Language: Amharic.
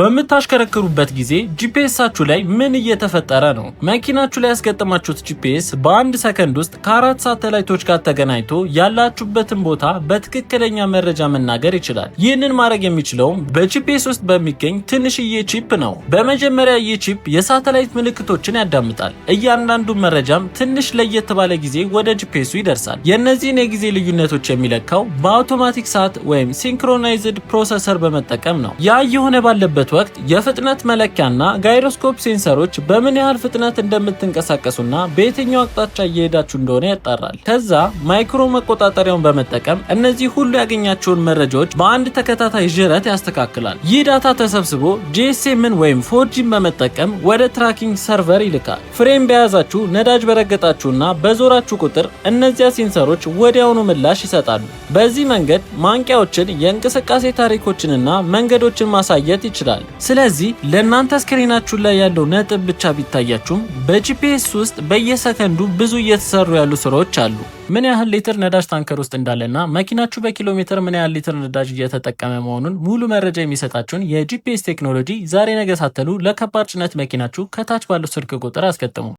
በምታሽከረክሩበት ጊዜ ጂፒኤሳችሁ ላይ ምን እየተፈጠረ ነው? መኪናችሁ ላይ ያስገጠማችሁት ጂፒኤስ በአንድ ሰከንድ ውስጥ ከአራት ሳተላይቶች ጋር ተገናኝቶ ያላችሁበትን ቦታ በትክክለኛ መረጃ መናገር ይችላል። ይህንን ማድረግ የሚችለውም በጂፒኤስ ውስጥ በሚገኝ ትንሽዬ ቺፕ ነው። በመጀመሪያ ይህ ቺፕ የሳተላይት ምልክቶችን ያዳምጣል። እያንዳንዱ መረጃም ትንሽ ለየት ባለ ጊዜ ወደ ጂፒኤሱ ይደርሳል። የእነዚህን የጊዜ ልዩነቶች የሚለካው በአውቶማቲክ ሰዓት ወይም ሲንክሮናይዝድ ፕሮሰሰር በመጠቀም ነው። ያ እየሆነ ባለበት በሚሰሩበት ወቅት የፍጥነት መለኪያና ጋይሮስኮፕ ሴንሰሮች በምን ያህል ፍጥነት እንደምትንቀሳቀሱና በየትኛው አቅጣጫ እየሄዳችሁ እንደሆነ ያጣራል። ከዛ ማይክሮ መቆጣጠሪያውን በመጠቀም እነዚህ ሁሉ ያገኛቸውን መረጃዎች በአንድ ተከታታይ ዥረት ያስተካክላል። ይህ ዳታ ተሰብስቦ ጂኤስኤምን ወይም ፎርጂን በመጠቀም ወደ ትራኪንግ ሰርቨር ይልካል። ፍሬም በያዛችሁ ነዳጅ በረገጣችሁና በዞራችሁ ቁጥር እነዚያ ሴንሰሮች ወዲያውኑ ምላሽ ይሰጣሉ። በዚህ መንገድ ማንቂያዎችን፣ የእንቅስቃሴ ታሪኮችንና መንገዶችን ማሳየት ይችላል። ይችላሉ። ስለዚህ ለእናንተ ስክሪናችሁ ላይ ያለው ነጥብ ብቻ ቢታያችሁም በጂፒኤስ ውስጥ በየሰከንዱ ብዙ እየተሰሩ ያሉ ስራዎች አሉ። ምን ያህል ሊትር ነዳጅ ታንከር ውስጥ እንዳለና መኪናችሁ በኪሎ ሜትር ምን ያህል ሊትር ነዳጅ እየተጠቀመ መሆኑን ሙሉ መረጃ የሚሰጣችሁን የጂፒኤስ ቴክኖሎጂ ዛሬ ነገ ሳትሉ ለከባድ ጭነት መኪናችሁ ከታች ባለው ስልክ ቁጥር አስገጥሙ።